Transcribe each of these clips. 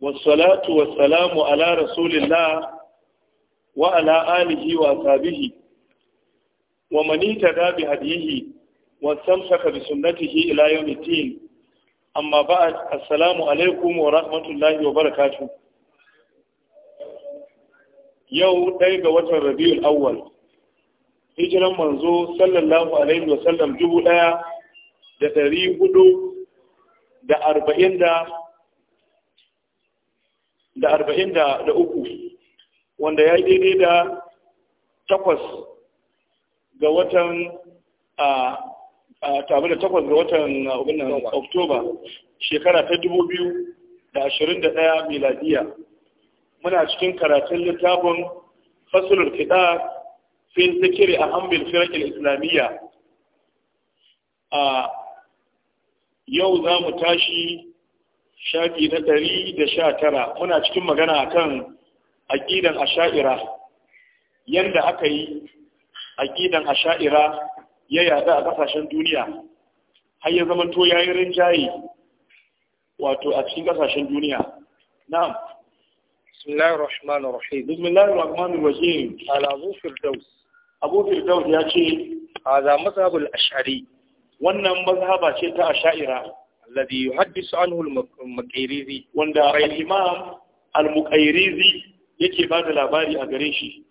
والصلاة والسلام على رسول الله وعلى آله وأصحابه ومن اهتدى بهديه واستمسك بسنته إلى يوم الدين أما بعد السلام عليكم ورحمة الله وبركاته يوم دايق وتر ربيع الأول هجرة منزو صلى الله عليه وسلم dubu لها da هدو hudu da arba'in da arba'in da uku wanda ya yi daidai da takwas ga watan a tabi da takwas ga watan oktoba shekara ta dubu biyu da ashirin da ɗaya miladiya muna cikin karatun littafin fasulul kiɗa fi zikiri a hamil firakin islamiyya a yau za mu tashi shafi na ɗari da sha tara muna cikin magana akan aƙidan asha'ira Yadda aka yi aƙidan asha'ira ya yada a ƙasashen duniya har ya zama to yayin rinjaye wato a cikin ƙasashen duniya na'am bismillahir rahmanir rahim bismillahir rahmanir rahim alabu firdaus abu firdaus ya ce hadha mazhabul ash'ari wannan mazhaba ce ta asha'ira الذي يحدث عنه المقيريزي وندا الإمام المقيريزي يكي بعد الأباري أغريشي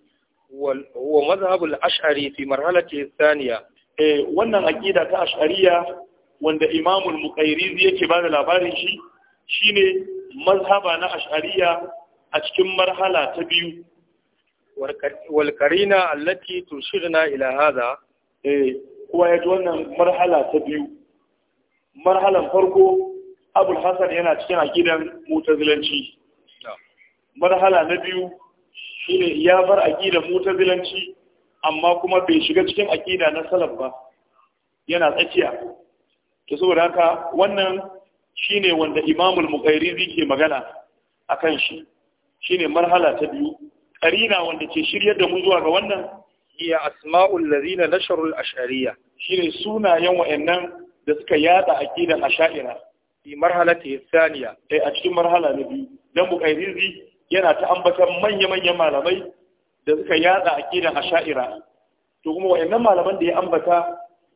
هو مذهب الأشعري في مرحلة الثانية وانا أكيدة أشعرية wanda imamul mukairizi eh, yake ba da labarin shi shine mazhaba na ash'ariya a cikin marhala ta biyu walkarina allati tushirna ila hada eh kuwa ya wannan marhala ta biyu marhalan farko abul hasan yana cikin aqidan mutazilanci marhala na biyu shine ya bar aqidan mutazilanci amma kuma bai shiga cikin aqida na salaf ba yana tsakiya to saboda haka wannan shine wanda imamul muqairiri ke magana akan shi shine marhala ta biyu karina wanda ke shiryar da mu zuwa ga wannan iya asma'ul ladina a shari'a. ashariyya shine sunayen wa'annan da suka yada aqidan asha'ira fi marhalati thaniya eh a cikin marhala na biyu dan bukairizi yana ta ambatan manya-manyan malamai da suka yada aqidan asha'ira to kuma wayannan malaman da ya ambata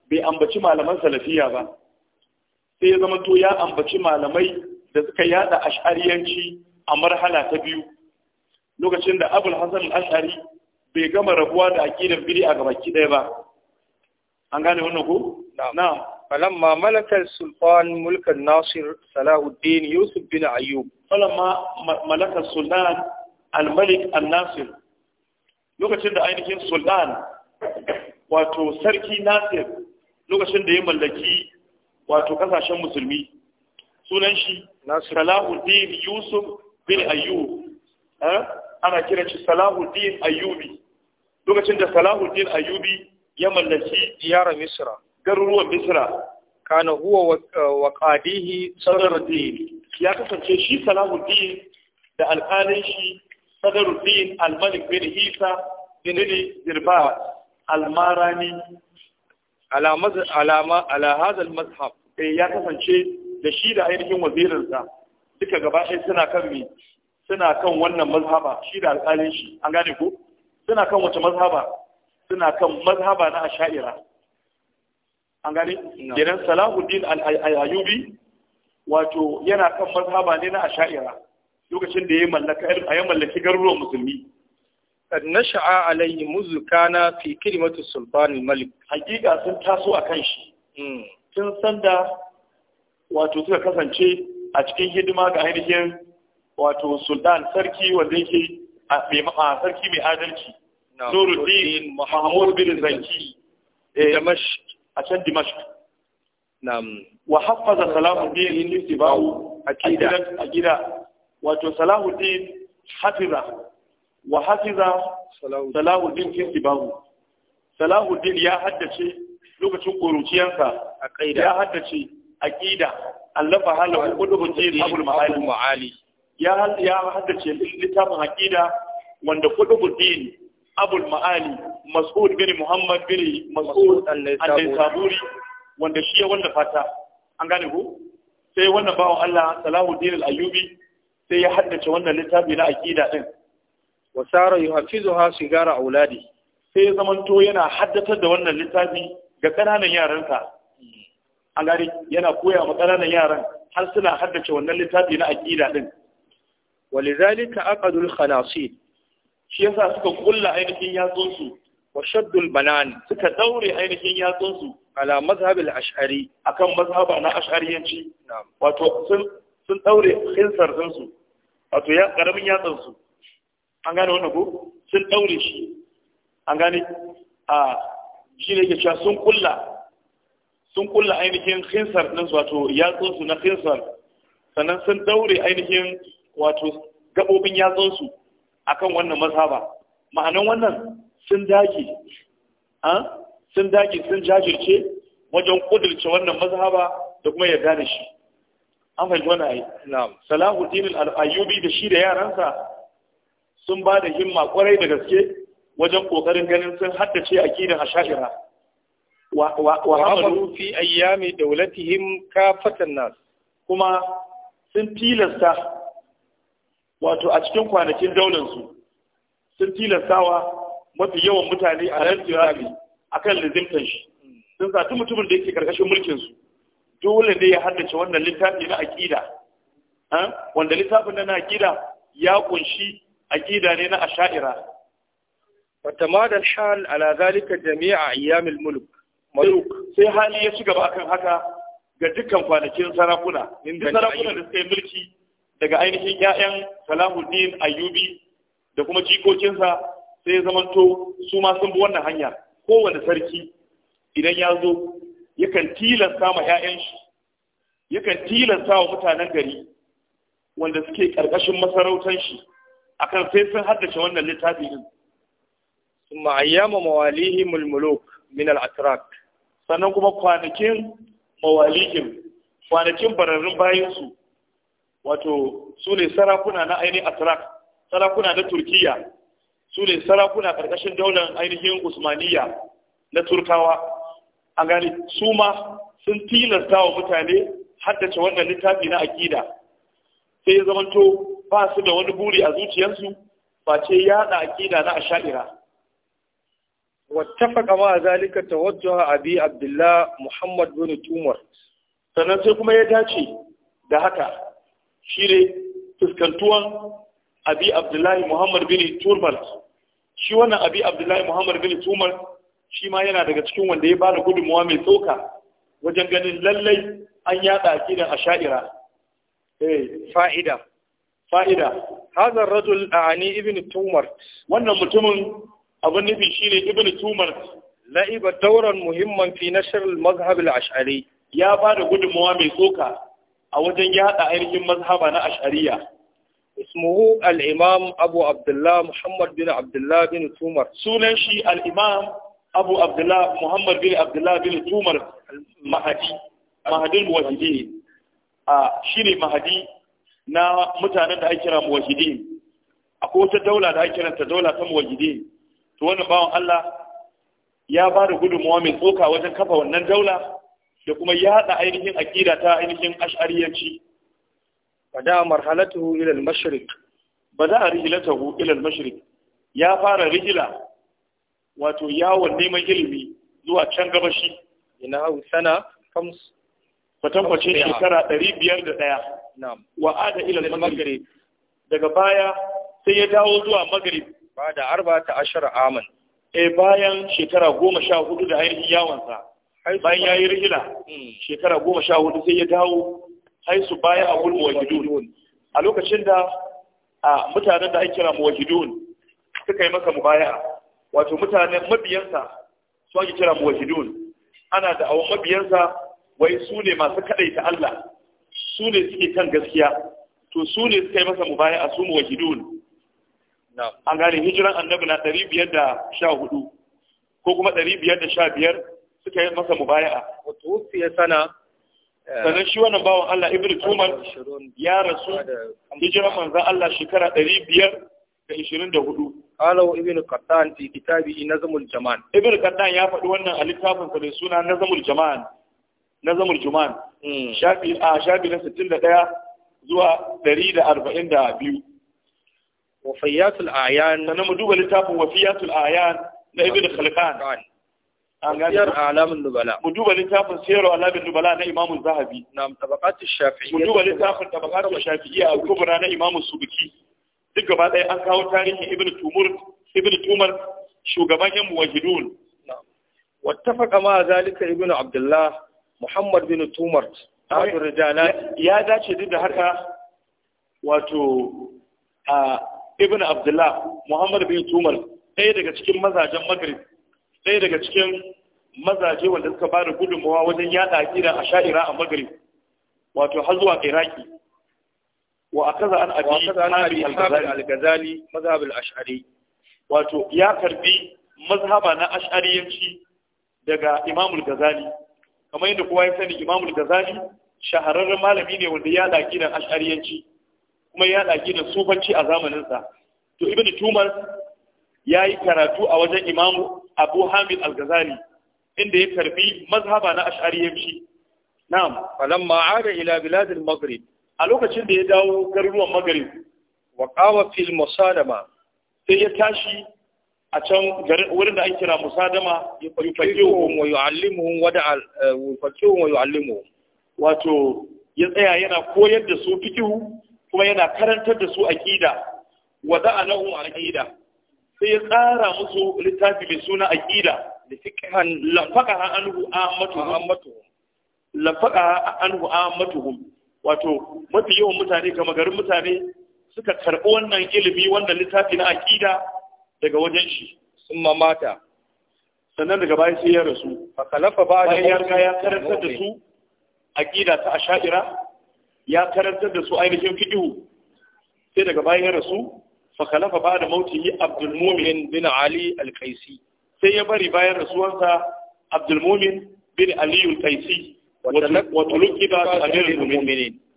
bai ambaci malaman salafiya ba sai ya zama to ya ambaci malamai da suka yada ash'ariyanci a marhala ta biyu lokacin da abul hasan al-ash'ari bai gama rabuwa da aqidan bid'a ga baki ɗaya ba an gane wannan ko na'am فلما ملك السلطان ملك الناصر صلاح الدين يوسف بن أيوب فلما ملك السلطان الملك الناصر lokacin da ainihin sultan sarki nasir lokacin da ya mallaki kasashen musulmi sunan shi salahuddin yusuf bin ayyub ana kiran shi salahuddin ayyubi lokacin da salahuddin ayyubi ya mallaki diyar misra garuruwan Misra kana huwa eh, wa qadihi Sadruddin ya kasance shi Salahuddin da alƙalin shi Sadruddin al-Malik bin Isa bin Dirba al-Marani ala alama ala hadal mazhab eh, ya kasance da shi da ainihin wazirinsa duka gaba ɗaya suna kan mi suna kan wannan mazhaba shi da alƙalin shi an gane ko suna kan wace mazhaba suna kan mazhaba na asha'ira an gani kenan salahuddin al-ayyubi wato yana kan mazhaba ne na asha'ira lokacin da ya mallaka a mallaki garuruwan musulmi kad nasha'a alayhi muzkana fi kalimatu sultan malik hakika sun taso akan shi hmm. tun da wato suka kasance a cikin hidima ga ainihin wato sultan sarki wanda yake a sarki mai adalci Nuruddin Mahmud bin Zanki eh. Damashq a can dimashq na'am wa haffaza salahuddin littibau aqida aqida wato salahuddin hafiza wa hafiza salahuddin littibau salahuddin ya haddace lokacin ƙuruciyansa ya haddace aqida allafa halahu qudubun jin abul ma'ali ya haddace littafin aqida wanda qudubun din abul ma'ali mas'ud bin muhammad bin mas'ud al-nisaburi wanda shi ya wanda fata an gane ku sai wannan bawan Allah Salahuddin al-Ayyubi sai ya haddace wannan littafi na aqida din wa sara yuhafizuha sigara auladi sai ya zamanto yana haddatar da wannan littafi ga ƙananan yaransa an gane yana koya ma ƙananan yaran har suna haddace wannan littafi na aqida din ولذلك عقدوا الخلاصين shi yasa suka kulla ainihin yatsunsu wa shaddul banan suka daure ainihin yatsunsu ala mazhabil ash'ari akan mazhaba na ash'ariyanci wato sun sun daure khinsar dinsu wato ya karamin yatsunsu an gane wannan ko sun daure shi an gane a shi ne yake cewa sun kulla sun kulla ainihin khinsar dinsu wato yatsunsu na khinsar sannan sun daure ainihin wato gabobin yatsunsu akan wannan mazhaba ma'anan wannan sun dage sun dage sun jajirce wajen kudurce wannan mazhaba da kuma yarda da shi an fahimci wannan ayi na'am salahuddin al-ayyubi da shi da yaransa sun ba da himma kwarai da gaske wajen kokarin ganin sun haddace aqidar ash'ira wa wa amalu fi ayyami dawlatihim kafatan nas kuma sun tilasta wato a cikin kwanakin daular su sun tilastawa mafi yawan mutane a ran a akan lizimtan shi sun sati mutumin da yake karkashin mulkin dole ne ya haddace wannan littafi na aƙida, wanda littafin na aƙida ya kunshi aƙida ne na asha'ira ma al-hal ala zalika jami'a a iyamil Muluk. sai hali ya ci gaba akan haka ga dukkan kwanakin sarakuna inda sarakuna da suka yi mulki daga ainihin 'ya'yan Salahuddin Ayyubi da kuma jikokinsa sai zamanto su ma sun bi wannan hanya kowane sarki idan ya zo yakan tilasta ma 'ya'yan shi yakan tilasta wa mutanen gari wanda suke ƙarƙashin masarautar shi akan sai sun haddace wannan littafi din ayyama أيام مواليهم min al atrak, sannan kuma kwanakin mawalihim kwanakin bararrun bayansu wato su ne sarakuna na ainihin atrak sarakuna na turkiya su ne sarakuna ƙarƙashin daular ainihin usmaniya na turkawa a gani su ma sun tilasta wa mutane haddace wannan littafi na aƙida sai ya zamanto ba su da wani buri a zuciyarsu face yaɗa aƙida na asha'ira wattafaqa ma zalika tawajjuha abi abdullah muhammad bin tumar sannan sai kuma ya dace da haka ne fuskantuwan abi abdullahi muhammad bin turmalt shi wannan abi abdullahi muhammad bin tumar shi ma yana daga cikin wanda ya bada gudunmawa mai tsoka wajen ganin lallai an yada akidan asha'ira eh, fa'ida fa'ida hazar rajul ani ibn tumar wannan mutumin abin nufi shine ibn tumar la'iba dauran muhimman fi nashr al-mazhab al-ash'ari ya bada gudunmawa mai tsoka a wajen yada ainihin mazhaba na ash'ariya ismuhu al-imam abu abdullah muhammad bin abdullah bin tumar sunan shi al abu abdullah muhammad bin abdullah bin tumar mahadi mahadin muwahidi a shine mahadi na mutanen da ake kira muwahidi akwai wata daula da ake ranta daula ta muwahidi to wannan bawan Allah ya ba da gudunmawa mai wajen kafa wannan daula da kuma ya haɗa ainihin aƙida ta ainihin ash'ariyanci bada marhalatuhu ila al-mashriq bada rijlatuhu ila al-mashriq ya fara rijila wato yawon neman ilimi zuwa can gabashi ina hau sana kams fatambacin shekara 501 na'am wa ada ila al-maghrib daga baya sai ya dawo zuwa maghrib ba da ta ashara aman eh bayan shekara 14 da ainihin yawon sa bayan yayi rijila shekara 14 sai ya dawo haisu baya a abul muwahidun a lokacin da a mutanen da ake kira muwahidun suka yi maka mubaya wato mutane mabiyansa su ake kira muwahidun ana da awon mabiyansa wai su ne masu ta Allah su ne suke kan gaskiya to su ne suka yi masa mubaya a su muwahidun an gane hijiran annabi na 514 ko kuma 515 suka yi masa mubaya'a wato wufi ya sana sannan shi wannan bawan Allah Ibrahim Tuman ya rasu hijira manza Allah shekara ɗari biyar da ishirin da hudu. Alawo Ibn Qattan fi kitabi Nazamul Jaman. Ibn Qattan ya faɗi wannan a littafin sa da suna Nazamul Jaman. Nazamul Juman. Hmm. Shafi a shafi na sittin da ɗaya zuwa ɗari da arba'in da biyu. Wafiyatul Ayan. Sannan mu duba littafin Wafiyatul Ayan na Ibn Khalqan. siyar alamun nubala mu duba littafin siyar alamun nubala na imamun zahabi na tabaqatu shafi'i mu duba littafin tabaqatu shafi'i a kubra na imamun subuki duk gaba ɗaya an kawo tarihin ibnu tumur ibnu tumar shugaban yan muwahidun wattafaqa ma zalika ibnu abdullah muhammad bin tumar ahadu rijalat ya dace duk da haka wato a ibnu abdullah muhammad bin tumar ɗaya daga cikin mazajen magrib ɗaya daga cikin mazaje wanda suka ba da gudunmawa wajen yada akida a sha'ira a magrib wato har zuwa iraki wa akaza an abi al-ghazali mazhab al-ash'ari wato ya karbi mazhaba na ash'ariyanci daga imam al-ghazali kamar yadda kowa ya sani imam al-ghazali shahararren malami ne wanda ya daki da ash'ariyanci kuma ya daki da sufanci a zamaninsa to ibn tumar ya yi karatu a wajen imam abu hamid al gazali inda ya karbi mazhaba na ash'ari yamshi na'am falamma ada ila bilad al-maghrib a lokacin da ya dawo garuruwan maghrib wa qawa fil musadama sai ya tashi a can wurin da ake kira musadama ya fakiyo wa yu'allimuhum wada eh, fakiyo wa yu'allimuhum wato ya tsaya yana koyar da su fikihu kuma yana karantar da su aqida wada aqida sai ya ƙara musu littafi mai suna aƙida lafaka anhu ammatuhum lafaka anhu ammatuhum wato mafi yawan mutane kama garin mutane suka karɓi wannan ilimi wanda littafi na aƙida daga wajen shi sun mamata sannan daga baya sai ya rasu fakalafa ba da ya riga ya karantar da su aƙida ta asha'ira ya karantar da su ainihin fiqh sai daga baya ya rasu fa khalafa ba'da mautihi Abdul Mumin bin Ali al sai ya bari bayan rasuwansa Abdul Mumin bin Ali al-Qaisi wa tulukiba Amir al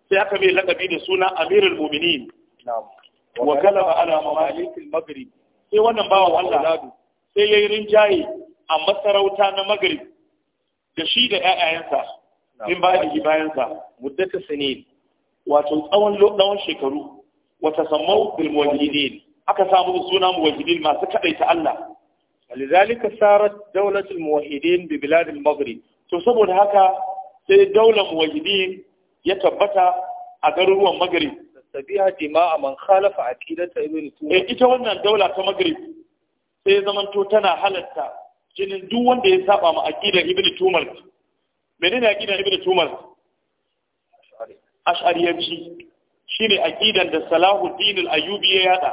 sai aka mai lakabi da suna Amir al-Mu'minin wa kalaba ala mamalik al-Maghrib sai wannan bawan Allah sai yayi rinjaye a masarauta na Maghrib da da ƴaƴayensa in ba da bayansa muddatus tsawon shekaru wa tasammau bil muwahhidin aka samu suna muwahhidin masu kadaita Allah لذلك صارت دولة الموحدين ببلاد المغرب to saboda haka sai daular muwahidin ya tabbata a garuruwan magrib tabiha dima'a man khalafa aqidata ibn tuna eh ita wannan daula ta magrib sai zamanto tana halatta jinin duk wanda ya saba ma aqidar ibn tumar menene aqidar ibn tumar ash'ariyanci shine aqidan da Salahuddin al Ayubi ya yada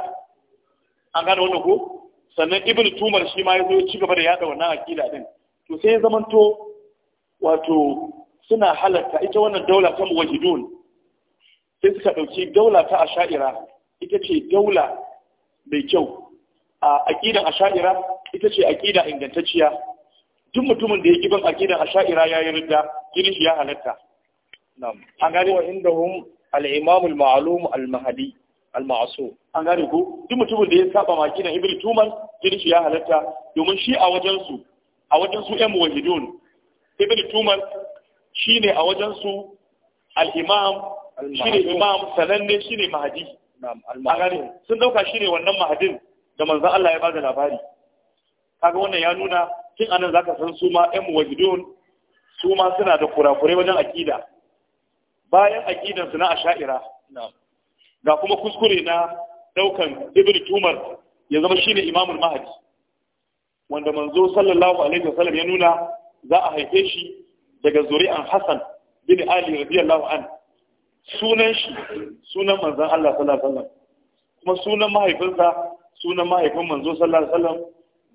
an gane wannan ko sannan Ibn Tumar shi ma ya zo ci gaba da yada wannan aqida din to sai ya zamanto wato suna halatta ita wannan daula ta muwahidun sai suka dauki daula ta asha'ira ita ce daula mai kyau a aqidan asha'ira ita ce aqida ingantacciya duk mutumin da ya ki bin aqidan asha'ira yayi ridda jinin ya halatta na'am an gane wa indahum al-imam al-ma'lum al an gane ko duk mutumin da ya saba makidan ibnu tuman jini shi ya halatta domin shi a wajen su a wajen su ƴan muwahhidun ibnu tuman ne a wajen su al-imam shine imam sananne shi ne mahadi. a gane sun dauka ne wannan mahadin da manzon Allah ya bada labari kaga wannan ya nuna tun anan zaka san su ma ƴan muwahhidun su ma suna da kurakurai wajen akida bayan su na asha'ira ga kuma kuskure na daukan ibn tumar ya zama shine imamul mahdi wanda manzo sallallahu alaihi wasallam ya nuna za a haife shi daga zuri'an hasan bin ali radiyallahu an sunan shi sunan manzon Allah sallallahu alaihi wasallam kuma sunan mahaifinsa sunan mahaifin manzo sallallahu alaihi wasallam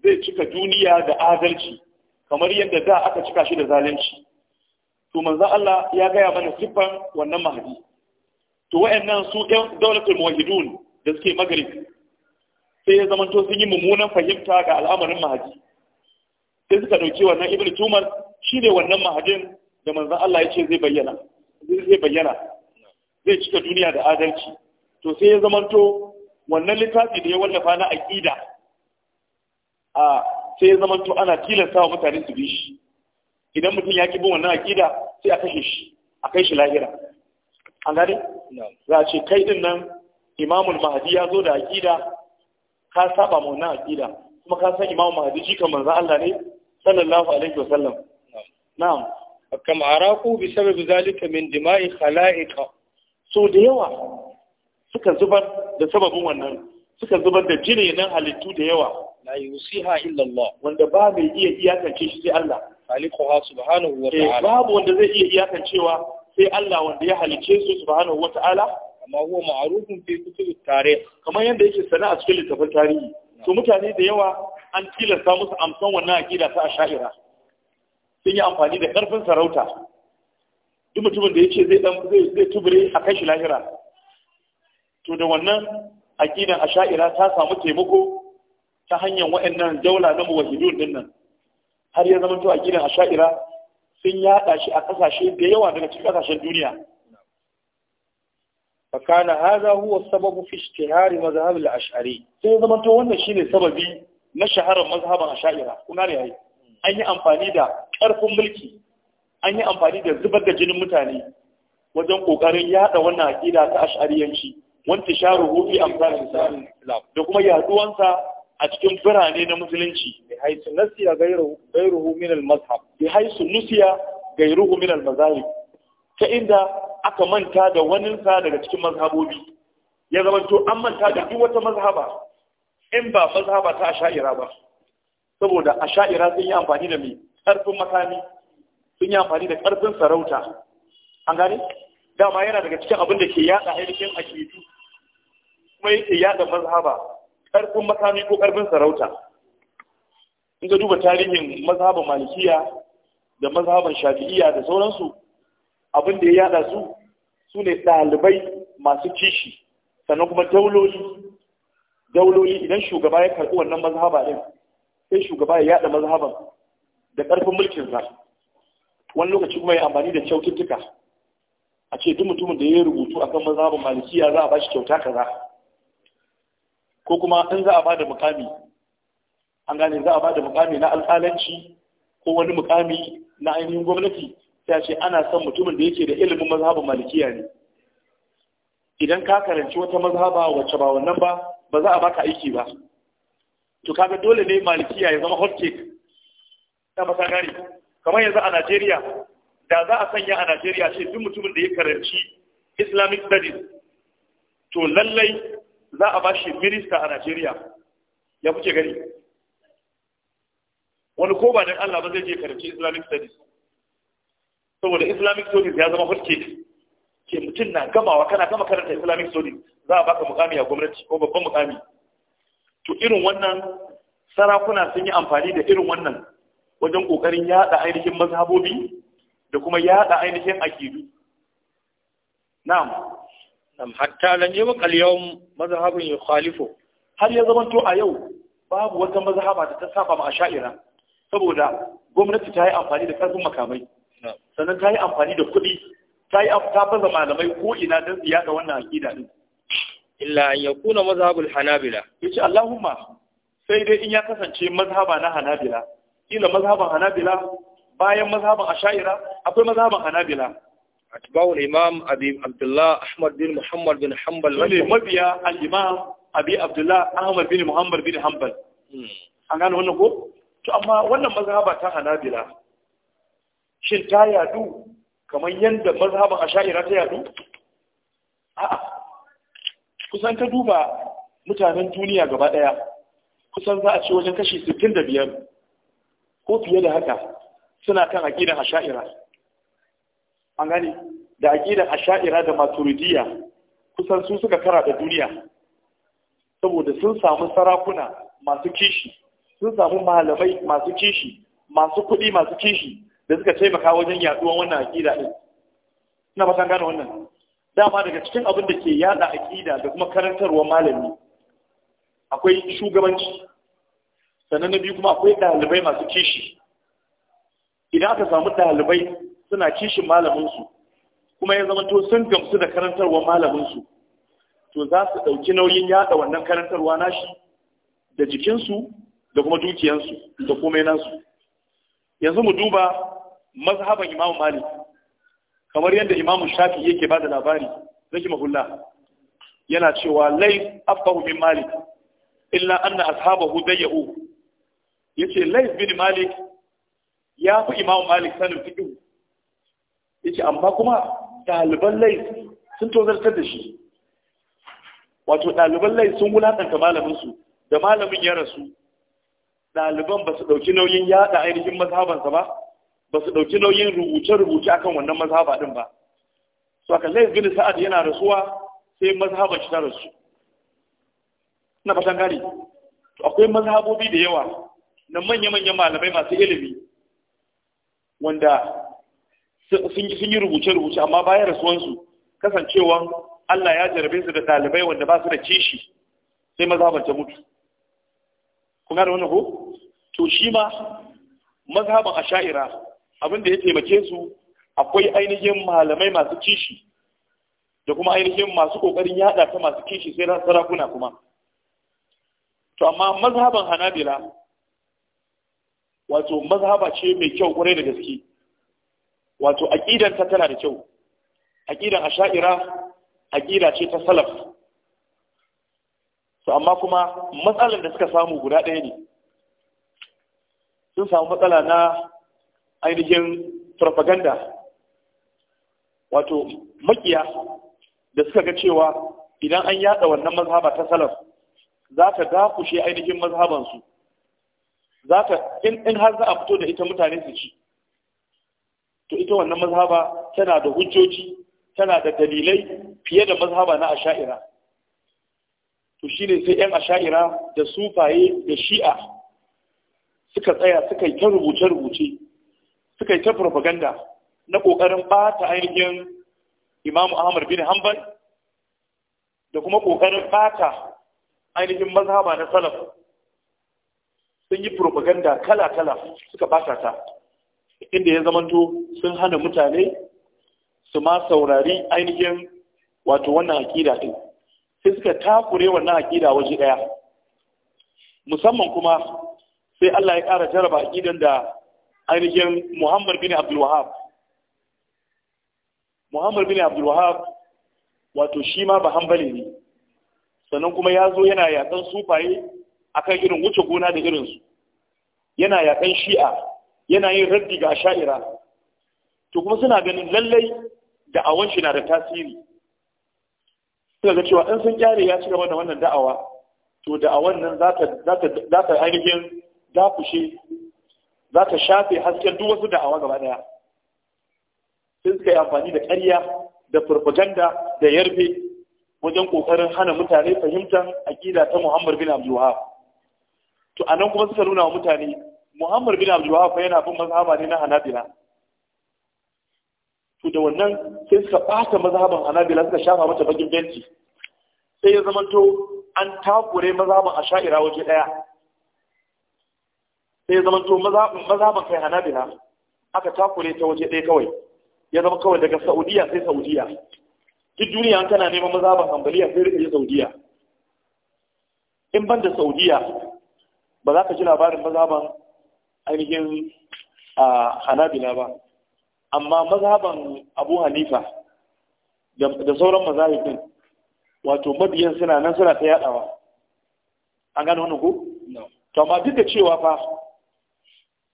zai cika duniya da adalci kamar yadda da aka cika shi da zalunci to manzan Allah ya gaya mana siffan wannan mahadi to wayannan su ɗan daulatul muwahhidun da suke magrib sai ya zama to sun yi mummunan fahimta ga al'amarin mahadi sai suka dauki wannan ibnu tumar shine wannan mahadin da manzan Allah ya ce zai bayyana zai bayyana zai cika duniya da adalci to sai ya zama to wannan littafi da ya wallafa na aqida a sai ya zama to ana tilasta wa mutane su bi shi idan mutum ya ki bin wannan aƙida sai a kashe shi a kai shi lahira an gane za a ce kai din nan imamul mahdi ya zo da aƙida ka saba mu wannan aƙida kuma ka san imamul mahdi shi kamar za Allah ne sallallahu alaihi wasallam na'am kam araku bi sababi zalika min dima'i khala'iqa so da yawa suka zubar da sababin wannan suka zubar da jini nan halittu da yawa la yusiha illa Allah wanda ba mai iya iyakance shi sai Allah khaliquha subhanahu wa eh, ta'ala babu wanda zai iya iyakan cewa sai Allah wanda ya halice su subhanahu wa ta'ala amma huwa ma'rufun fi kutubi tare kamar yadda yake sana a cikin littafin tarihi to mutane da yawa an tilasta musu amsan wannan akida ta sha'ira. sun yi amfani da karfin sarauta duk mutumin da yace zai dan zai zai a kai shi lahira to da wannan akidan asha'ira ta samu taimako ta hanyar waɗannan daula na muwahidun dinnan har ya zama to aqidan asha'ira sun yada shi a kasashe da yawa daga cikin kasashen duniya fakana haza huwa sababu fi ishtihari mazhab al-ash'ari sai ya zama to wannan shine sababi na shaharar mazhaban asha'ira kuna ne an yi amfani da karfin mulki an yi amfani da zubar da jinin mutane wajen kokarin yada wannan aqida ta ash'ariyanci wanda sharu hufi amsalin da kuma yaduwansa a cikin birane na musulunci bi haisu nasiya gairuhu min al-mazhab bi haisu nusiya gairuhu min al mazhab ta inda aka manta da wani sa daga cikin mazhabobi ya zama to an manta da duk wata mazhaba in ba mazhaba ta asha'ira ba saboda asha'ira sun yi amfani da mai karfin makami sun yi amfani da karfin sarauta an gane dama yana daga cikin abin da ke yada ainihin akidu kuma yake yada mazhaba ƙarfin makami ko ƙarfin sarauta in ka duba tarihin mazhaban malikiya da mazhaban shafi'iya da sauransu abin da ya yada su su ne ɗalibai masu kishi sannan kuma dauloli dauloli idan shugaba ya karɓi wannan mazhaba ɗin sai shugaba ya yada mazhaban da ƙarfin mulkinsa wani lokaci kuma ya amfani da kyaututtuka a ce duk mutumin da ya yi rubutu akan mazhaban malikiya za a ba shi kyauta kaza ko kuma in za a bada mukami an gane za a bada mukami na alƙalanci ko wani mukami na ainihin gwamnati sai ce ana son mutumin da yake da ilimin mazhabin malikiya ne idan ka karanci wata mazhaba wacce ba wannan ba ba za a baka aiki ba to kaga dole ne malikiya ya zama hot cake ta masa gari kamar yanzu a Najeriya da za a sanya a Najeriya ce duk mutumin da ya karanci Islamic studies to lallai za a ba shi minista a Najeriya ya kuke gani wani ko ba dan Allah ba zai je karanci Islamic studies saboda Islamic studies ya zama hot cake ke mutum na gamawa kana gama karanta Islamic studies za a baka mukami a gwamnati ko babban mukami to irin wannan sarakuna sun yi amfani da irin wannan wajen kokarin yada ainihin mazhabobi da kuma yada ainihin akidu na'am hatta lan wakal yau yawm mazhabun khalifo har ya to a yau babu wata mazhaba da ta saba ma sha'ira. saboda gwamnati ta yi amfani da karfin makamai sannan ta yi amfani da kuɗi ta yi ta fasa malamai ko ina don su yada wannan aqida din illa an yakuna mazhabul hanabila yace Allahumma sai dai in ya kasance mazhaba na hanabila kila mazhaban hanabila bayan mazhaban asha'ira akwai mazhaban hanabila atba'u al-imam عبد الله ahmad bin muhammad bin حنبل wale mabiya al-imam abi abdullah ahmad bin muhammad bin hanbal hmm. an gane wannan ko to amma wannan mazhaba ta hanabila shin ta yadu kamar yadda mazhaban asha'ira ta yadu a'a kusan ta duba mutanen duniya gaba daya kusan za a ce wajen kashi 65 ko fiye da haka suna kan aqidar asha'ira an gani da aqidar asha'ira da maturidiyya kusan su suka kara da duniya saboda sun samu sarakuna masu kishi sun samu malamai masu kishi masu kuɗi masu kishi da suka taimaka wajen yaduwan wannan aqida din ina ba gane wannan dama daga cikin abin da ke yada aqida da kuma karantarwa malami akwai shugabanci sannan na biyu kuma akwai ɗalibai masu kishi idan aka samu ɗalibai suna kishin malaminsu kuma ya zama to sun gamsu da karantarwa malaminsu to za su ɗauki nauyin yaɗa wannan karantarwa nashi da jikinsu da kuma dukiyansu da komai nasu yanzu mu duba mazhaban Imam malik kamar yadda imamu shafi yake ba da labari zaki mahulla yana cewa lai afkahu min malik illa anna ashabahu dayyahu yace lai bin malik ya fi imamu malik sanin fiqh yake amma kuma ɗaliban lai sun tozartar da shi wato ɗaliban lai sun wulaƙanta malaminsu da malamin ya rasu ɗaliban ba su ɗauki nauyin yaɗa ainihin mazhabansa ba ba su ɗauki nauyin rubuce-rubuce akan wannan mazhaba ɗin ba su aka lai gini sa'ad yana rasuwa sai mazhaban shi ta rasu ina fatan to akwai mazhabobi da yawa na manya-manyan malamai masu ilimi wanda sun yi rubuce-rubuce amma bayan rasuwansu kasancewan Allah ya jarabe su da ɗalibai wanda ba su da kishi sai mazhaban ta mutu Kuna da wani ko to shi ma mazhaban asha'ira abin da ya taimake su akwai ainihin malamai masu kishi da kuma ainihin masu kokarin yada ta masu kishi sai sarakuna kuma to amma mazhaban hanabila wato mazhaba ce mai kyau kwarai da gaske wato aƙidanta tana da kyau aƙidan asha'ira aƙida ce ta salaf to amma kuma matsalar da suka samu guda ɗaya ne sun samu matsala na ainihin propaganda wato makiya da suka ga cewa idan an yada wannan mazhaba ta salaf za ta dakushe ainihin mazhabansu za ta in har za a fito da ita mutane su ci to ita wannan mazhaba tana da hujjoji tana da dalilai fiye da mazhaba na asha'ira to shine sai yan asha'ira da sufaye da shi'a suka tsaya suka yi ta rubuce-rubuce suka yi ta propaganda na ƙoƙarin ɓata ainihin imamu ahmad bin hanbal da kuma ƙoƙarin ɓata ainihin mazhaba na salaf sun yi propaganda kala-kala suka ɓata ta inda ya zamanto sun hana mutane su ma saurari ainihin wato wannan akida ɗin sai suka takure wannan akida waje ɗaya musamman kuma sai Allah ya ƙara jaraba akidan da ainihin Muhammad bin Abdul Wahab Muhammad bin Abdul Wahab wato shi ma ba hanbali ne sannan kuma ya zo yana yaƙan sufaye akan irin wuce gona da irinsu yana yaƙan shi'a yana yin raddi ga asha'ira to kuma suna ganin lallai awan shi na da tasiri suka ga cewa in sun kyare ya ci gaba da wannan da'awa to da'awan nan za ta ainihin dafushe za ta shafe hasken duk wasu da'awa gaba daya sun suka yi amfani da ƙarya da farfaganda da yarbe wajen ƙoƙarin hana mutane fahimtar aƙida ta muhammad bin abdullahi to a nan kuma suka nuna wa mutane muhammad bin abdul wahab yana bin mazhaba ne na hanabila to da wannan sai suka bata mazhaban hanabila suka shafa mata bakin benci sai ya to an takure mazhaban asha'ira waje daya sai ya to mazhaban kai hanabila aka takure ta waje daya kawai ya zama kawai daga saudiya sai saudiya duk duniya an kana neman mazhaban hanbaliya sai rika yi saudiya in ban da saudiya ba za ka ji labarin mazhaban ainihin a hanabila ba amma mazhaban abu hanifa da sauran mazahibin wato mabiyan suna nan suna ta yadawa an gano wani ku? to amma duka cewa fa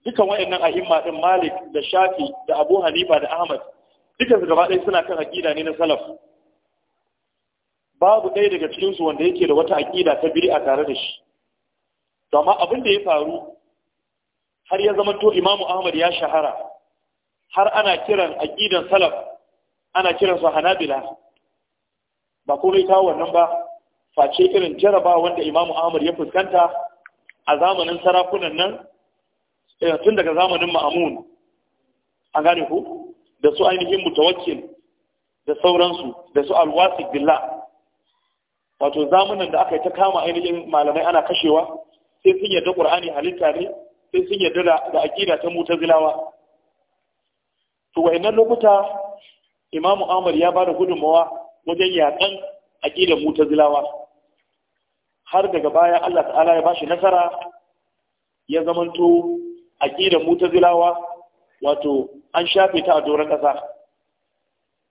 dukan wayannan a'imma din malik da shafi da abu hanifa da ahmad duka su gaba ɗaya suna kan aƙida ne na salaf babu ɗaya daga cikinsu wanda yake da wata aƙida ta biri a tare da shi to amma abin da ya faru har ya zama to imamu ahmad ya shahara har ana kiran aqidan salaf ana kiran su hanabila ba komai ta wannan ba face irin jaraba wanda imamu ahmad ya fuskanta a zamanin sarakunan nan eh, tun daga zamanin ma'amun an gane ku da su ainihin mutawakkil da sauransu da su alwasik billah wato zamanin da aka yi ta kama ainihin malamai ana kashewa sai sun yarda ƙur'ani halitta ne sai sun yarda da aƙida ta mutazilawa to wayannan lokuta imamu amar ya da gudunmawa wajen yaƙan aƙidan mutazilawa har daga baya Allah ta'ala ya bashi nasara ya zamanto aƙidan mutazilawa wato an shafe ta a doron ƙasa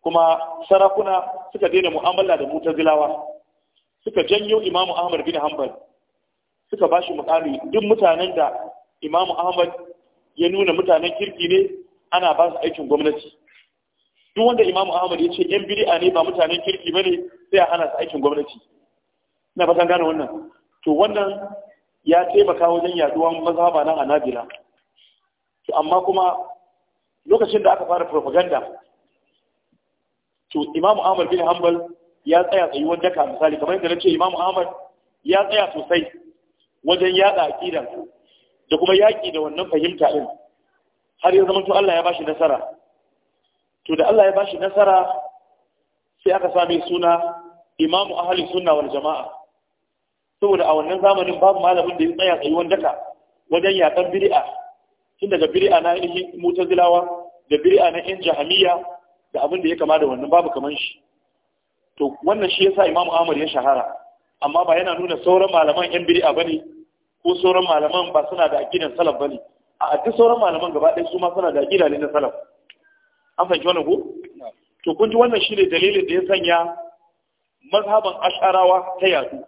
kuma sarakuna suka daina mu'amala da mutazilawa suka janyo imamu ahmad bin hanbal suka bashi mukami duk mutanen da imamu ahmad ya nuna mutanen kirki ne ana ba su aikin gwamnati duk wanda imamu ahmad ya ce yan bid'a ne ba mutanen kirki bane sai a hana su aikin gwamnati ina fatan gane wannan to wannan ya taimaka wajen yaduwan mazhaba na hanabila to amma kuma lokacin da aka fara propaganda to imamu ahmad bin hanbal ya tsaya tsayuwar daka misali kamar yadda na ce imamu ahmad ya tsaya sosai wajen yada aqidan da kuma yaƙi da wannan fahimta ɗin har ya zama Allah ya bashi nasara to da Allah ya bashi nasara sai aka same suna imamu ahli sunna wal jama'a saboda a wannan zamanin babu malamin da ya tsaya wanda daka wajen yatsan bir'a, tun daga bir'a na ainihin mutazilawa da bir'a na yan jahamiya da abin da ya kama da wannan babu kaman shi to wannan shi yasa imamu Ahmad ya shahara amma ba yana nuna sauran malaman yan ba ne? ko sauran malaman ba suna da aqidan salaf bane a duk sauran malaman gaba ɗaya su ma suna da aqida ne na salaf an fahimci wannan ko to kun ji wannan shine dalilin da ya sanya mazhaban ash'arawa ta yadu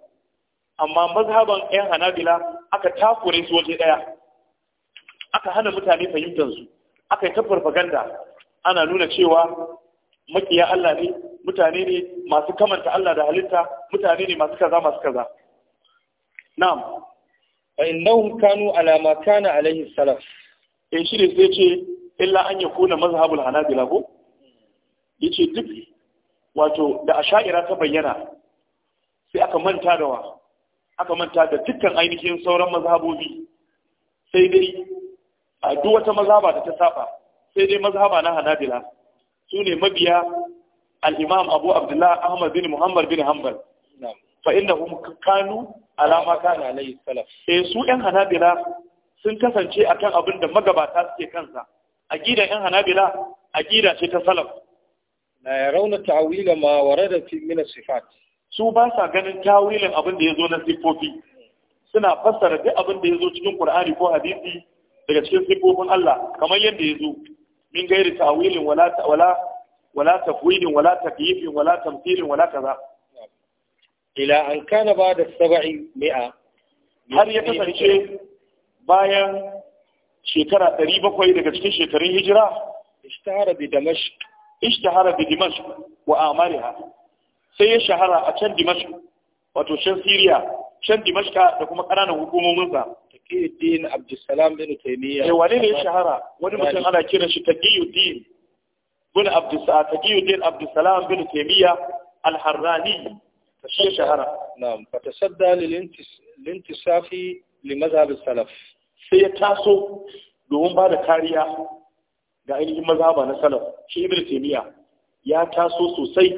amma mazhaban ƴan hanabila aka takure su waje ɗaya aka hana mutane fahimtar su aka yi ta farfaganda ana nuna cewa makiya Allah ne mutane ne masu kamanta Allah da halitta mutane ne masu kaza masu kaza na'am fa innahum kanu ala ma kana alayhi salaf eh shi ne zai ce illa an kuna mazhabul hanabila ko yace duk wato da asha'ira ta bayyana sai aka manta da wa aka manta da dukkan ainihin sauran mazhabobi sai dai a duk wata mazhaba da ta saba sai dai mazhaba na hanabila su ne mabiya al-imam abu abdullah ahmad bin muhammad bin hanbal fa innahum kanu alama kana alayhi salaf eh su yan hanabila sun kasance akan abin da magabata suke kansa aqida yan hanabila aqida ce ta salaf la yarawna ta'wila ma warada fi min sifat su ba sa ganin tawilin abin da yazo na sifofi suna fassara duk abin da yazo cikin qur'ani ko hadisi daga cikin sifofin Allah kamar yadda yazo min gairi ta'wilin wala wala wala tafwidin wala takyifin wala tamthilin wala kaza ila an kana ba da saba'i mi'a har ya kasance bayan shekara ɗari bakwai daga cikin shekarun hijira ishtahara bi damashq ishtahara bi dimashq wa Amariha sai ya shahara a can dimashq wato can siriya can dimashka da kuma ƙananan hukumominsa taqiyuddin abdussalam bin taymiya eh wani ne ya shahara wani mutum ana kiran shi taqiyuddin bin abdussalam taqiyuddin abdussalam bin taymiya al-harrani ta shahara na'am fa tasadda lintisafi li mazhab salaf sai ya taso domin ba da kariya ga ainihin mazhaba na salaf shi ibnu taymiya ya taso sosai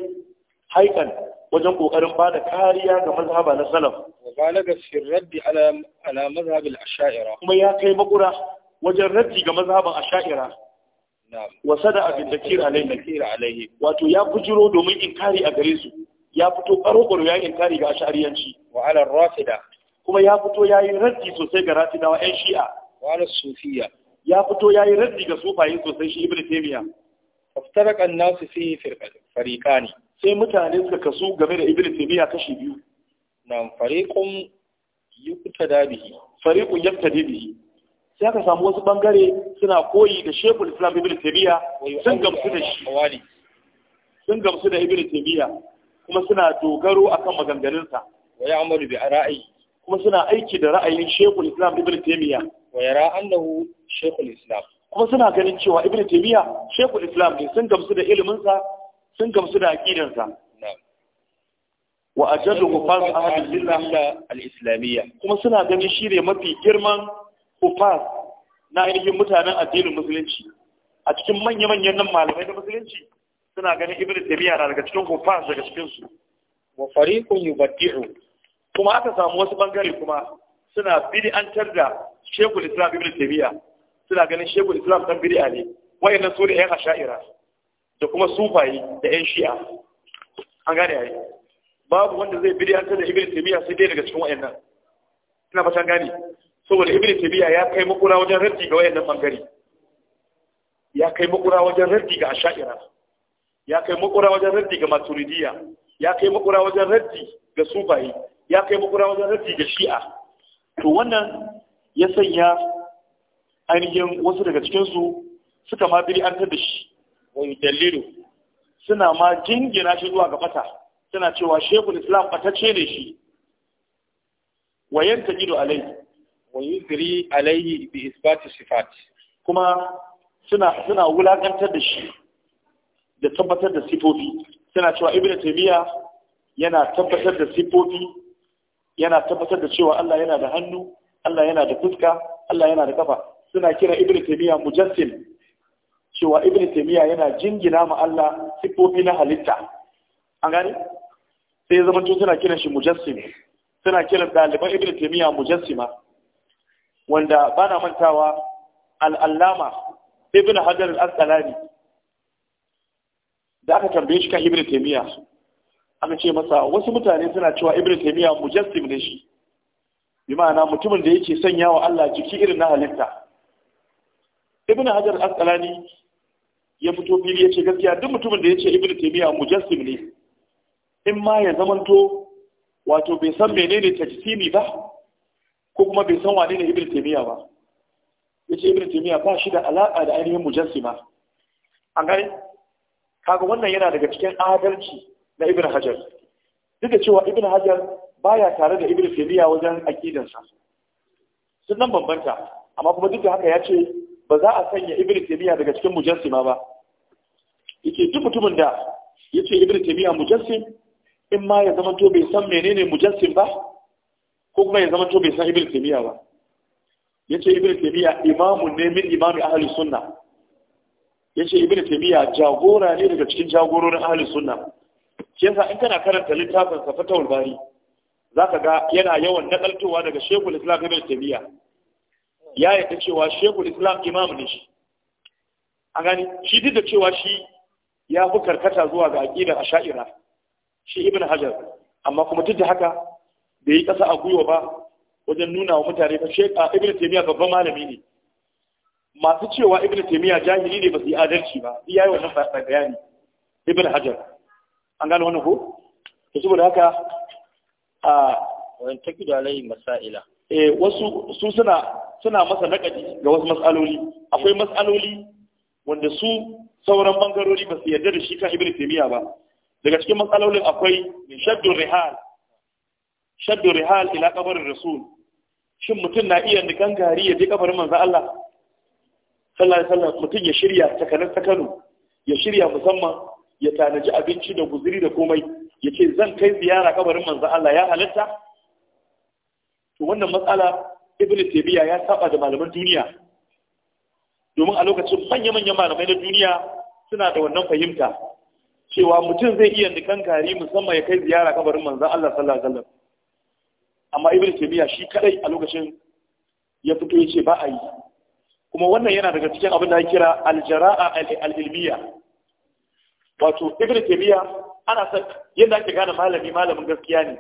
haikan wajen kokarin ba da kariya ga mazhaba na salaf wa balaga fi raddi ala ala mazhab al-ash'ira kuma ya kai makura wajen raddi ga mazhaban ash'ira na'am wa sada abin dakir alaihi wato ya bujiro domin inkari a gare su ya fito karo-karo ya inkari ga ashariyanci wa ala rafida kuma ya fito ya yi raddi sosai ga rafidawa yan shi'a wa ala sufiya ya fito ya yi raddi ga sufaye sosai shi ibnu taymiya faftaraka an-nasu fi ne. sai mutane suka kasu game da ibnu taymiya kashi biyu yi kuta yuqtada bihi fariqun yaqtadi bihi sai aka samu wasu bangare suna koyi da shekul islam ibn tabiya sun gamsu da shi sun gamsu da ibn tabiya kuma suna dogaro akan maganganunsa wa ya'malu bi ra'ayi kuma suna aiki da ra'ayin Sheikhul Islam Ibn Taymiyyah wa yara annahu Sheikhul Islam kuma suna ganin cewa Ibn Taymiyyah Sheikhul Islam ne sun gamsu da ilimin sa sun gamsu da aqidar sa wa ajadu hufaz ahad al-millah al-islamiyya kuma suna ganin shi ne mafi girman hufaz na ainihin mutanen addinin musulunci a cikin manya-manyan nan malamai na musulunci suna ganin Ibn taymiya na daga cikin kufar daga cikin su wa fariqun yubaddi'u kuma aka samu wasu bangare kuma suna bid'antar da shekul islam Ibn taymiya suna ganin shekul islam dan bid'a ne wayannan su ne yan asha'ira da kuma sufayi da yan shi'a an gane yi. babu wanda zai bid'antar da Ibn taymiya sai dai daga cikin wayannan ina fatan gane saboda Ibn taymiya ya kai makura wajen raddi ga wayannan bangare ya kai makura wajen raddi ga asha'ira ya kai makura wajen raddi ga maturidiya ya kai makura wajen raddi ga Sufa'i. ya kai makura wajen raddi ga shi'a to wannan ya sanya ainihin wasu daga cikinsu suka ma biri an da shi wani dalilu suna ma jingina shi zuwa ga fata suna cewa shekul islam batacce ne shi wayan ta gido alai wayi biri alai bi isbati sifat kuma suna suna wulakantar da shi da tabbatar da sifofi suna cewa ibn taymiya yana tabbatar da sifofi yana tabbatar da cewa Allah yana da hannu Allah yana da fuska Allah yana da kafa suna kira ibn taymiya mujassim cewa ibn taymiya yana jingina ma Allah sifofi na halitta an gani sai zaman to suna kiran shi mujassim suna kiran daliban ibn taymiya mujassima wanda bana mantawa al-allama ibn hajar al-asqalani da aka tambaye shi kan ibn taymiya aka ce masa wasu mutane suna cewa ibn taymiya mujassim ne shi bi ma'ana mutumin da yake sanya wa Allah jiki irin na halitta ibn hajar asqalani ya fito fili ya ce gaskiya duk mutumin da ya ce ibn taymiya mujassim ne in ma ya zamanto wato bai san menene tajsimi ba ko kuma bai san wane ne ibn taymiya ba yace ibn taymiya ba shi da alaka da ainihin mujassima an gane kaga wannan yana daga cikin adalci na ibn hajar duk da cewa ibn hajar baya tare da ibn taymiya wajen aqidansa sun nan bambanta amma kuma duk da haka ya ce ba za a sanya ibn taymiya daga cikin mujassima ba yace duk mutumin da yace ibn taymiya mujassim in ma ya zama to bai san menene mujassim ba ko kuma ya zama to bai san ibn taymiya ba yace ibn taymiya imamun ne min imami ahli sunna yace ibnu taymiya jagora ne daga cikin jagororin ahli sunna shi in kana karanta littafin sa fatawul bari zaka ga yana yawan nakaltowa daga shekul islam ibnu taymiya ya ta cewa shekul islam imam ne shi a gani shi duk da cewa shi ya fi karkata zuwa ga aqidar asha'ira shi ibnu hajar amma kuma duk da haka bai yi kasa a gwiwa ba wajen nuna wa mutane fa shekul ibnu babban malami ne masu cewa ibn taimiyya jahili ne ba su yi adalci ba su yayi wannan bayani ibn hajar an gano wannan ko to saboda haka a wani taki da alayhi masaila eh wasu su suna suna masa nakadi ga wasu matsaloli akwai matsaloli wanda su sauran bangarori ba su yarda da shi kan ibn taimiyya ba daga cikin masalolin akwai shaddu rihal shaddu rihal ila kabarin rasul shin mutum na iya nikan gari ya je kabarin manzo Allah sallallahu alaihi wasallam mutum ya shirya takanar takanu ya shirya musamman ya tanaji abinci da guzuri da komai ya ce zan kai ziyara kabarin manzan Allah ya halatta to wannan matsala ibn taymiya ya saba da malaman duniya domin a lokacin manya-manyan malamai na duniya suna da wannan fahimta cewa mutum zai iya nikan gari musamman ya kai ziyara kabarin manzan Allah sallallahu alaihi wasallam amma ibn taymiya shi kadai a lokacin ya fito ya ce ba a yi kuma wannan yana daga cikin abin da ake kira aljara'a al-ilmiya wato ibnu taymiya ana san yadda ake gane malami malamin gaskiya ne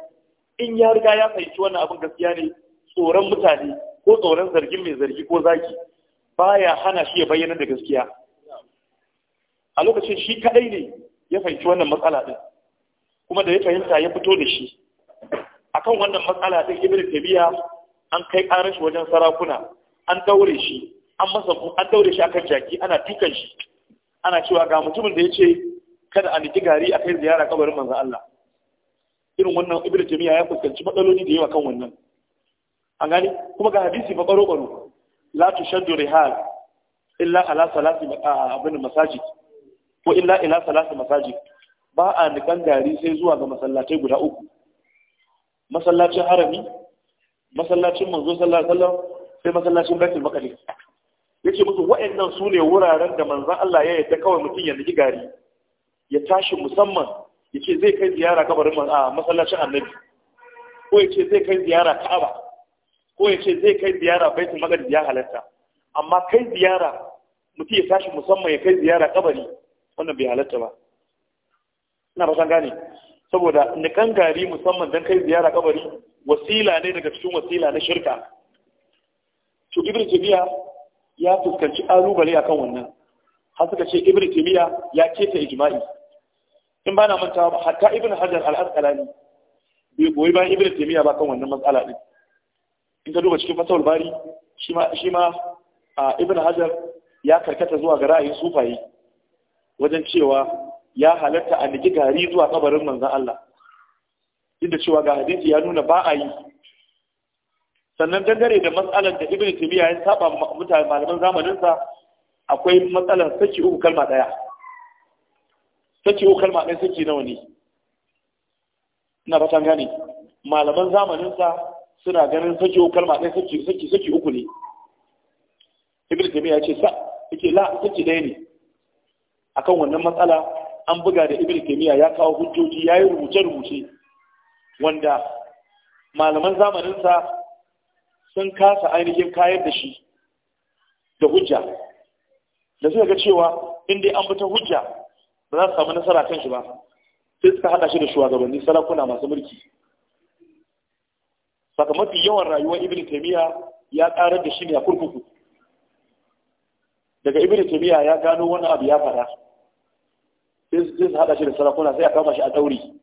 in ya riga ya fahimci wannan abin gaskiya ne tsoron mutane ko tsoron zargin mai zargi ko zaki baya hana shi ya bayyana da gaskiya a lokacin shi kadai ne ya fahimci wannan matsala din kuma da ya fahimta ya fito da shi akan wannan matsala din ibnu taymiya an kai karar shi wajen sarakuna an daure shi an masa an daure shi akan jaki ana tukan shi ana cewa ga mutumin da ya ce kada a niki gari a kai ziyara kabarin manzo Allah irin wannan ibnu jami'a ya fuskanci matsaloli da yawa kan wannan an gani kuma ga hadisi fa baro baro la tushaddu rihal illa ala salati abin masajid ko illa ila salati masajid ba a nikan gari sai zuwa ga masallatai guda uku masallacin harami masallacin manzo sallallahu alaihi wasallam sai masallacin baitul maqdis Ya ce musu wa'annan su ne wuraren da manzan Allah ya yadda kawai mutum ya niki gari ya tashi musamman ya ce zai kai ziyara kabarin a masallacin annabi ko ya ce zai kai ziyara Ka'aba ko ya ce zai kai ziyara bai Baitul Maqdis ya halatta amma kai ziyara mutum ya tashi musamman ya kai ziyara kabari wannan bai halatta ba ina ba san gane saboda nikan gari musamman don kai ziyara kabari wasila ne daga cikin wasila na shirka to ibn tabiya ya fuskanci a kan wannan har suka ce ibn taymiya ya keta ijma'i in ba na manta ba hatta ibn hajar al-asqalani bai goyi bayan ibn taymiya ba kan wannan matsala din in ka duba cikin fatawul bari shi ma shi ibn hajar ya karkata zuwa ga ra'ayin sufaye. wajen cewa ya halatta a niki gari zuwa kabarin manzan Allah duk cewa ga hadisi ya nuna ba a yi sannan dangare da matsalar da ibn timiya ya saba mutane malaman zamaninsa akwai matsalar saki uku kalma ɗaya saki uku kalma ɗaya saki nawa ne ina fatan gane malaman zamaninsa suna ganin saki uku kalma ɗaya saki saki saki uku ne ibn timiya ya ce sa yake la saki ɗaya ne akan wannan matsala an buga da ibn timiya ya kawo hujjoji ya yi rubuce-rubuce wanda malaman zamaninsa sun kasa ainihin kayan da shi da hujja da suka ga cewa inda an fita hujja ba za su samu nasara kan shi ba sai suka haɗa shi da shugabanni sarakuna masu mulki mafi yawan rayuwar ibn taimiyya ya ƙarar da shi ne a kurkuku daga ibn taimiyya ya gano wani abu ya faɗa sai su haɗa shi da sarakuna sai a kama shi a ɗauri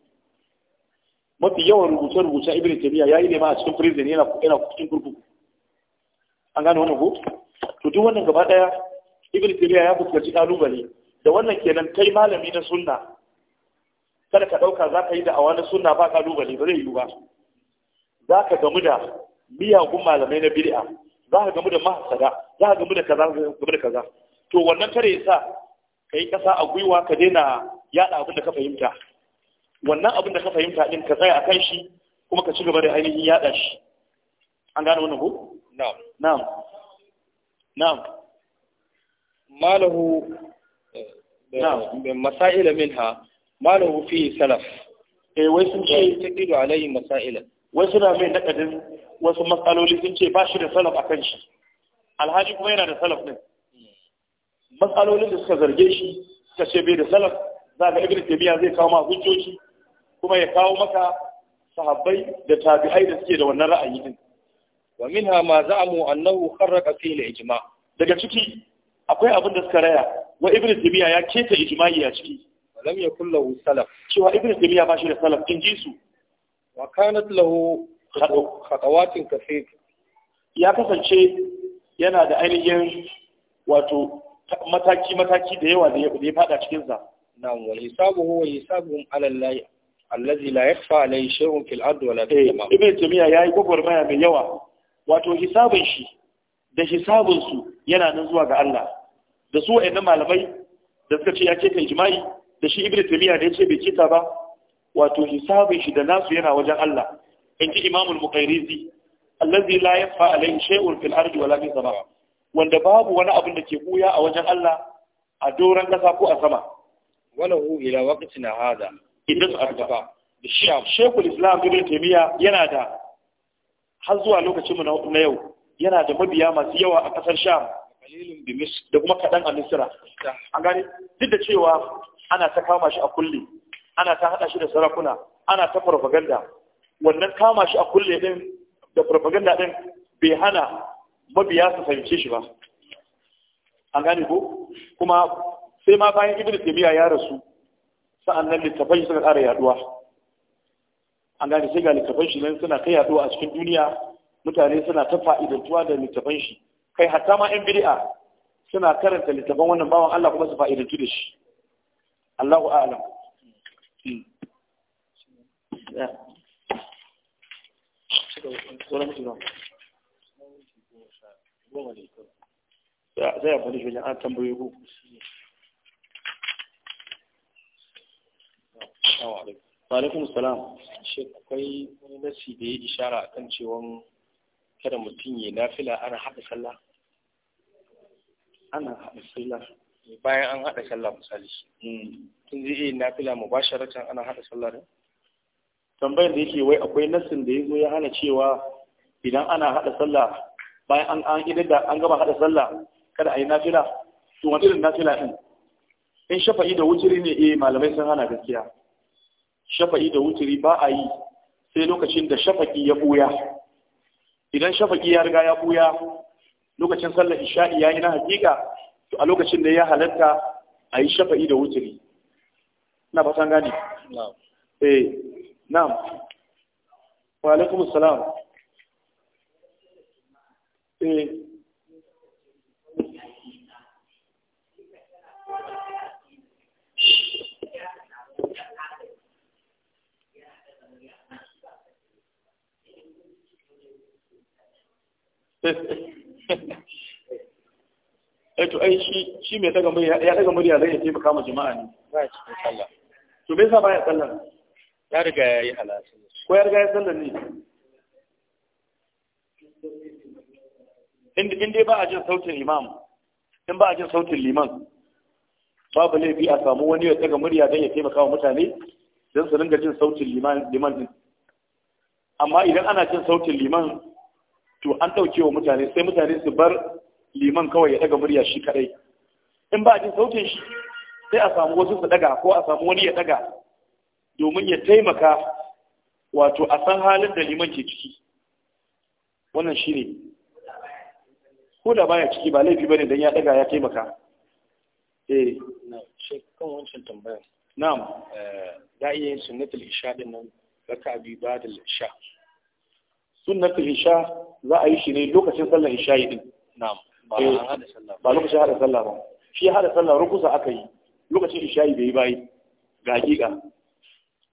mafi yawan rubuce-rubuce ibn tabiya ya yi ne a cikin prison yana cikin kurkuku an gane wannan ko to duk wannan gaba daya ibn tabiya ya fuskanci kalubale da wannan kenan kai malami na sunna kada ka dauka za yi da'awa na sunna ba kalubale ba zai yi ba za ka gamu da miyagun malamai na bid'a za ka gamu da mahasada za ka gamu da kaza gamu da kaza to wannan kare ya sa ka yi kasa a gwiwa ka daina yaɗa abin da ka fahimta wannan abin da ka fahimta din ka tsaya akan shi kuma ka ci gaba da ainihin yada shi an gano wannan ko na'am na'am na'am malahu eh, na'am masaila minha malahu fi salaf eh wai sun ce taqidu alayin masaila wai suna mai nakadin wasu matsaloli sun ce ba shi da salaf akan shi alhaji kuma yana da salaf din matsalolin da suka zarge shi suka ce bai da salaf za ga ibn tabiya zai kawo ma hujjoji kuma ya kawo maka sahabbai da tabi'ai da suke da wannan ra'ayi din wa minha ma za'amu annahu kharraqa fi al-ijma daga ciki akwai abin da suka raya wa ibn tabiya ya keta ijma'i a ciki lam yakul lahu salaf cewa ibn tabiya ba shi da salaf in ji su wa kanat lahu khatawatin kathir ya kasance yana da ainihin wato mataki mataki da yawa da ya fada cikin sa na wa hisabuhu wa hisabuhum ala Allah allazi la yakhfa alayhi shay'un fil ard wala fis eh, sama ibn tamiya yayi gwagwarmaya mai yawa wato hisabin shi da hisabin su yana nan zuwa ga Allah da su wayannan malamai da suka ce ya ce kai jima'i da shi ibn tamiya da yace bai cika ba wato hisabin shi da nasu yana wajen Allah in ji imamul muqairizi allazi la yakhfa alayhi shay'un fil ard wala fis sama wanda babu wani abin da ke buya a wajen Allah a doron kasa ko a sama walahu ila waqtina hada idris al-gaba da a shekul islam ibn taymiya yana da har zuwa lokacin na yau yana da mabiya masu yawa a kasar sham da kuma kadan a misira. an gane duk da cewa ana ta kama shi a kulle ana ta hada shi da sarakuna ana ta farfaganda, wannan kama shi a kulle din da farfaganda din bai hana mabiya su fahimce shi ba an gane ko kuma sai ma bayan ibn taymiya ya rasu sa'an nan littafai shi suka ƙara yaduwa an gane sai ga littafan shi nan suna kai yaduwa a cikin duniya mutane suna ta fa'idantuwa da littafan shi kai hatta ma yan bid'a suna karanta littafan wannan bawan Allah kuma su fa'idantu da shi Allahu a'lam sai a faɗi shi an tambayi ku Assalamu alaikum. Wa alaikum salam. Shi akwai wani nasi da ya ishara a kan cewa kada mutum ya nafila ana haɗa sallah. Ana haɗa sallah. Bayan an haɗa sallah misali. Hmm. Tun zai iya nafila mu ba sharatan ana haɗa sallah ne? Tambayar da yake wai akwai nasin da ya zo ya hana cewa idan ana haɗa sallah bayan an an idan da an gama haɗa sallah kada a yi nafila. To irin nafila ɗin? In shafa'i da wuturi ne eh malamai sun hana gaskiya. shafa'i da wuturi ba a yi sai lokacin da shafa'i ya buya idan shafa'i ya riga ya buya lokacin sallar isha'i ya yi na hakika to a lokacin da ya halatta a yi shafa'i da wuturi na fatan gani eh na'am wa alaikumus salam. eh Eto eh, to ai shi shi mai daga murya ya daga murya zai ce baka mu jama'a ne to me yasa baya sallah ya riga ya yi halatu ko ya riga ya sallah ne in dai ba a jin sautin imam in ba a jin sautin liman babu laifi a samu wani ya daga murya zai ya taimaka mutane don su ringa jin sautin liman din amma idan ana jin sautin liman to an ɗauke wa mutane sai mutane su bar liman kawai ya ɗaga murya shi kaɗai in ba a ji sautin shi sai a samu wasu su ɗaga ko a samu wani ya ɗaga domin ya taimaka wato a san halin da liman ke ciki wannan shi ne ko da baya ciki ba laifi bane dan ya ɗaga ya taimaka eh na shi kan wancan tambayar na'am da eh, iya yin sunnatul isha din nan raka'a bi ba da isha sunnatul isha za a yi shi ne lokacin sallar isha din na'am eh, ba lokacin hada sallah ba shi hada sallah rukusa aka yi lokacin isha bai yi bai ga hakika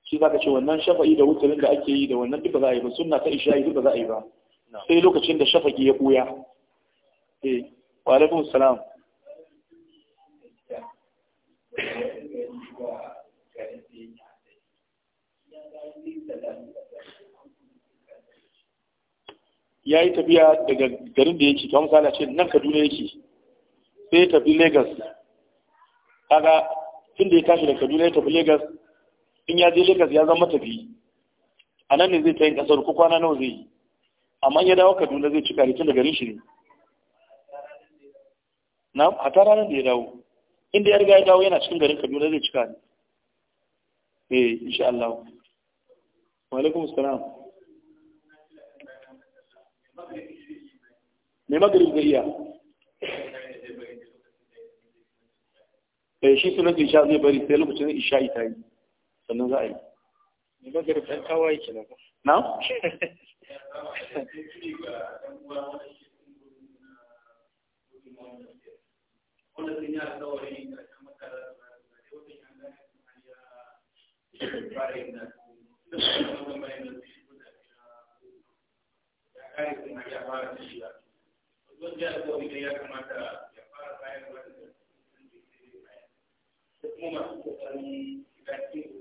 shi zaka ce wannan shafa'i da wutarin da ake yi da wannan duka za a yi ba sunna ta isha duka za a yi ba sai lokacin da shafaki ya buya eh wa alaikum salam Thank you. ya yi tafiya daga garin da yake kamar misali ce nan kaduna yake sai ya tafi lagos kaga tun da ya tashi da kaduna ya tafi lagos in ya je lagos ya zama tafi a nan ne zai ta yin kasar ko kwana nawa zai yi amma ya dawo kaduna zai ci kare tun da garin shi ne na hata ranar da ya dawo inda ya riga ya dawo yana cikin garin kaduna zai ci kare eh insha Allah wa alaikum assalam mai magrib zai iya eh shi sunan isha zai bari sai lokacin isha ita yi sannan za a yi mai magrib dan tawaye kenan na Thank you. kare kuma ya fara ne ya kamata ya fara bayan wata da sun ke sai bayan da kuma masu kokarin shiga cikin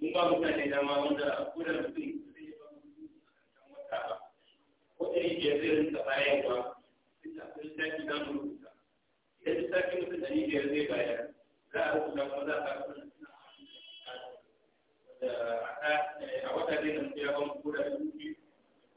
mun ba mutane dama wanda ko da a kan wata ba ko da yake zai rinka bayarwa sun rubuta idan mutum zai bayar za a rubuta kuma za a rubuta a wata ya ba mu ko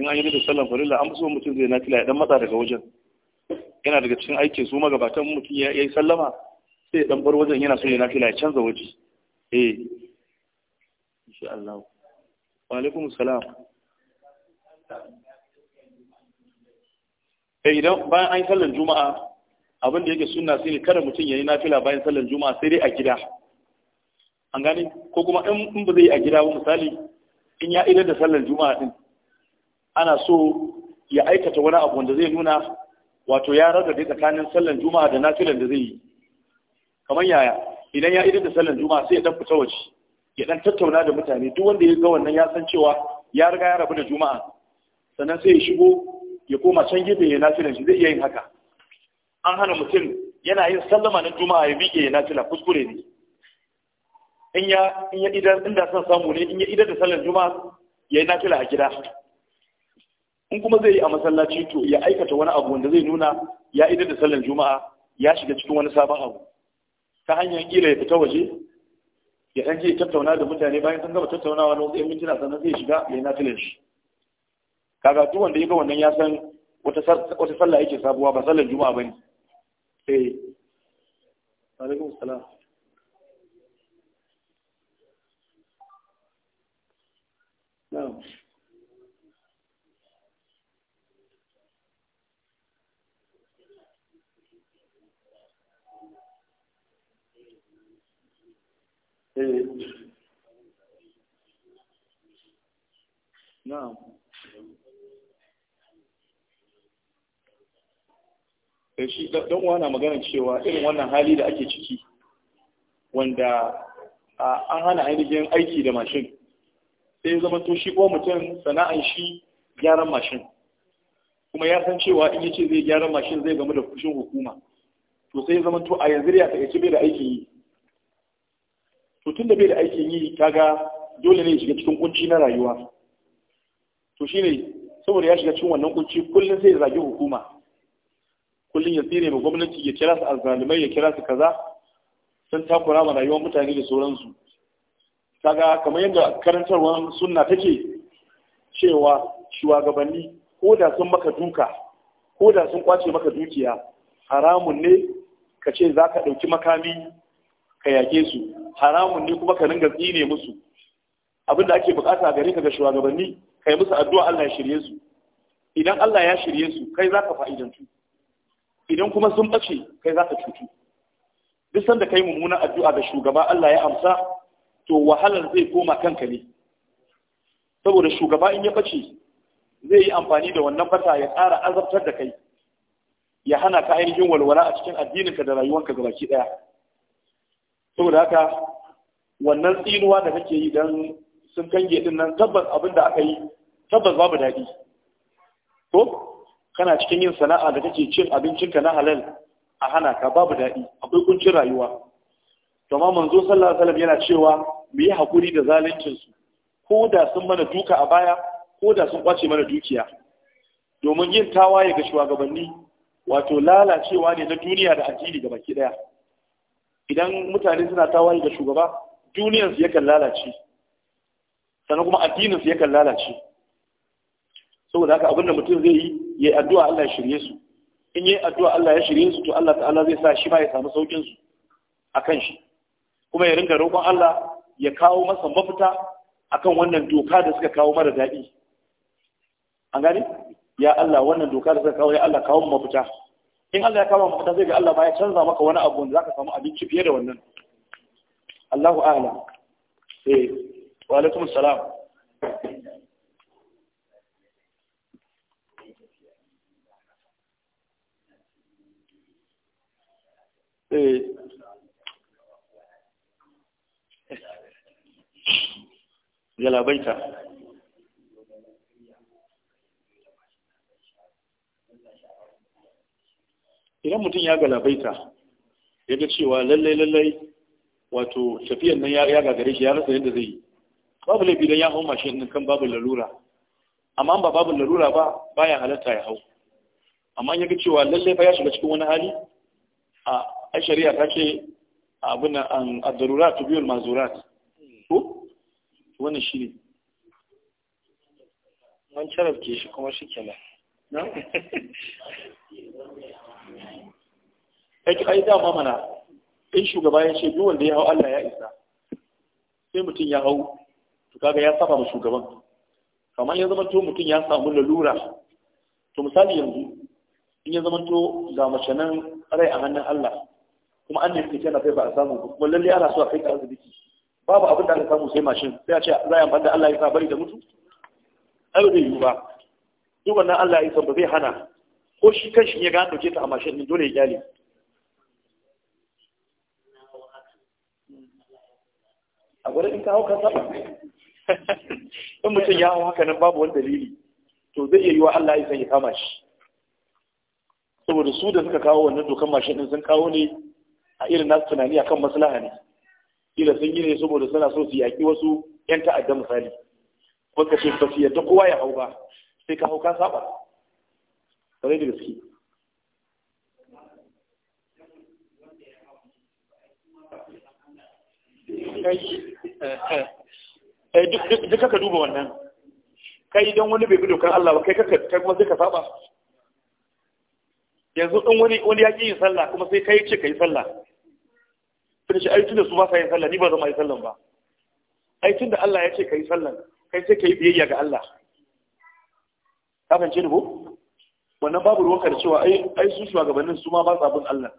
in an yi da sallan farilla an so mutum zai nafila ya dan matsa daga wajen yana daga cikin aikin su magabatan mutum ya yi sallama sai ya dan bar wajen yana so ya nafila ya canza waje eh insha Allah wa alaikum salam eh idan bayan an yi sallan juma'a abin da yake sunna sai ne kada mutum ya yi nafila bayan sallan juma'a sai dai a gida an gane ko kuma in ba zai yi a gida ba misali in ya idar da sallan juma'a din ana so ya aikata wani abu wanda zai nuna wato ya rarra da tsakanin sallan juma'a da nafilan da zai yi kamar yaya idan ya idar da sallan juma'a sai ya dan fita waje ya dan tattauna da mutane duk wanda ya ga wannan ya san cewa ya riga ya rabu da juma'a sannan sai ya shigo ya koma can gefe ya nafilan shi zai iya yin haka an hana mutum yana yin sallama na juma'a ya miƙe ya nafila kuskure ne in ya in ya idar inda son samu ne in ya idar da sallan juma'a ya yi nafila a gida in kuma zai yi a masallaci to ya aikata wani abu wanda zai nuna ya idar da sallan juma'a ya shiga cikin wani sabon abu ta hanyar kila ya fita waje ya ɗan je ya tattauna da mutane bayan sun gaba tattaunawa na wasu 'yan mintuna sannan zai shiga ya yi natilin shi kaga duk wanda ya ga wannan ya san wata sallah yake sabuwa ba sallar juma'a ba ne eh alaikum salam na'am Eh, na'am eh, shi don wana magana cewa irin wannan hali da ake ciki wanda an hana ainihin aiki da mashin sai zama to shi ko mutum sana'an shi gyaran mashin kuma ya san cewa in yace zai gyaran mashin zai gamu da fushin hukuma to sai zama to a yanzu ya taƙaice bai da aiki yi tun da bai da aikin yi kaga dole ne ya shiga cikin kunci na rayuwa to shine saboda ya shiga cikin wannan kunci kullum sai ya zagi hukuma kullum ya tsire ma gwamnati ya kira su azzalumai ya kira su kaza sun takura ma rayuwar mutane da sauransu kaga kamar yadda karantarwar sunna take cewa shugabanni ko da sun maka duka ko da sun kwace maka dukiya haramun ne ka ce za ka ɗauki makami ka yake su haramun ne kuma ka ringa tsine musu abin da ake bukata gare ka ga shugabanni kai musu addu'a Allah ya shirye su idan Allah ya shirye su kai za ka fa'idantu idan kuma sun bace kai za ka cutu duk sanda kai mummunan addu'a da shugaba Allah ya amsa to wahalar zai koma kanka ne saboda shugaba in ya bace zai yi amfani da wannan fata ya tsara azabtar da kai ya hana ka ainihin walwala a cikin addininka da rayuwanka gabaki ɗaya saboda haka wannan tsinuwa da kake yi don sun kange din nan tabbas abin da aka yi tabbas babu daɗi ko kana cikin yin sana'a da kake cin abincin ka na halal a hana ka babu daɗi akwai kuncin rayuwa to amma manzo sallallahu alaihi wasallam yana cewa mu yi hakuri da zaluncin su ko da sun mana duka a baya ko da sun kwace mana dukiya domin yin tawaye ga shugabanni wato lalacewa ne na duniya da addini baki ɗaya. idan mutane suna tawaye da shugaba duniyarsu yakan lalace sannan kuma addininsu yakan lalace saboda haka abinda mutum zai yi ya yi addu'a Allah ya shirye su in yi addu'a Allah ya shirye su to Allah ta'ala zai sa shi ma ya samu saukin su akan shi kuma ya ringa roƙon Allah ya kawo masa mafita akan wannan doka da suka kawo mara daɗi an gani ya Allah wannan doka da suka kawo ya Allah kawo mafita in Allah ya kama maka zai ga Allah ba ya canza maka wani abu da zaka samu abinci fiye da wannan Allahu a'lam eh wa alaikum salam eh yalabaita idan mutum ya galabaita ya ga cewa lallai lallai wato tafiyan nan ya ga gare shi ya rasa yadda zai yi babu laifi don ya hau mashi yadda kan babu lalura amma ba babu lalura ba baya halatta ya hau amma ya ga cewa lallai fa ya shiga cikin wani hali a shari'a ta ce abin an ad ta biyul mazurat ko wannan Wani mun charafke shi kuma shi kenan kai ki ai dama mana in shugaba ya ce duk wanda ya hau Allah ya isa sai mutum ya hau to kaga ya saba ma shugaban kamar ya zama to mutum ya samu lalura to misali yanzu in ya zama to ga mace nan rai a hannun Allah kuma an nemi tana kai ba a samu kuma lalle ana so a kai ka asibiti babu abin da aka samu sai mashin sai a ce za a amfani da Allah ya sa bari da mutu ai bai yi yiwu ba duk wannan Allah ya isa ba zai hana ko shi kanshi ya ga dauke ta a mashin din dole ya gyale a in ka hau ka saba in mutum ya hau haka nan babu wani dalili to zai iya yi wa Allah ya san ya kama shi saboda su da suka kawo wannan dokan mashin din sun kawo ne a irin nasu tunani akan maslaha ne kila sun yi ne saboda suna so su yaki wasu yan ta'adda misali wanda ce ba su yadda kowa ya hau ba sai ka hau ka saba kare da gaske Eh, duk ka duba wannan kai idan wani bai bi dokar Allah ba kai kaka kai kuma sai ka saba yanzu in wani ya ƙi yin sallah kuma sai kai ce ka yi sallah sai shi ai da su ba sa yin sallah ni ba zama yi sallah ba ai da Allah ya ce ka yi sallah kai sai ka yi biyayya ga Allah Kafin ce ni ko wannan babu ruwan cewa ai sun su shugabannin su ma ba sabon Allah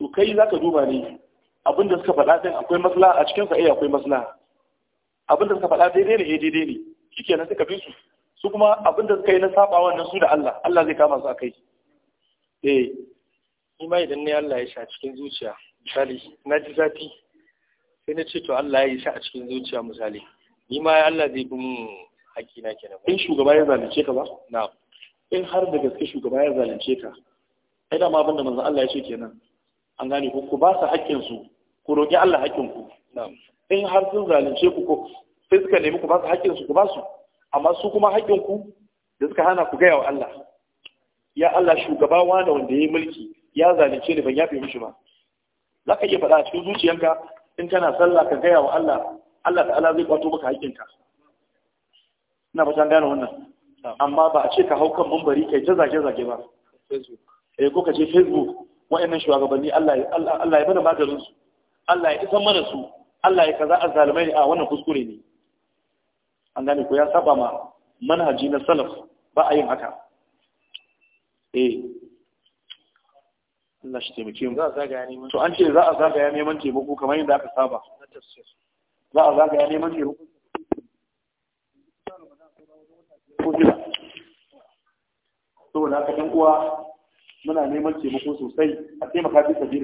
to kai ka duba ne abin da suka faɗa din akwai masla a cikin sa eh akwai masla. abin da suka faɗa daidai ne eh, daidai ne shikenan suka bi su su kuma abin da suka yi na saba wannan su da Allah Allah zai kama su akai eh ni ma idan ne Allah ya sha cikin zuciya misali na ji zafi sai na ce to Allah ya sha a cikin zuciya misali ni ma Allah zai bi mun na kenan in shugaba ya zalunce ka ba na'am in har da gaske shugaba ya zalunce ka ai da ma abin da manzon Allah ya ce kenan an gane ko ku ba su haƙƙin su ku roƙi Allah haƙƙinku in har sun zalunce ku ko sai suka nemi ku ba su su ku ba su amma su kuma haƙƙinku da suka hana ku gaya wa Allah ya Allah shugaba wanda wanda ya yi mulki ya zalunce ni ban yafe mishi ba za ka iya faɗa a cikin zuciyanka in kana sallah ka gaya wa Allah Allah ta'ala zai kwato maka haƙƙinka ina san gane wannan amma ba a ce ka hau kan mambari kai ta zage zage ba eh ko ka ce facebook wa'annan shugabanni Allah Allah ya bada maganin su Allah ya isa mana su Allah ya kaza a zalimai a wannan kuskure ne an gane ko ya saba ma manhaji na salaf ba a yin haka eh Allah shi taimake mu to an ce za a zagaya neman taimako kamar yadda aka saba za a zagaya neman taimako saboda ka ɗan uwa muna neman taimako sosai a taimaka bi sabirin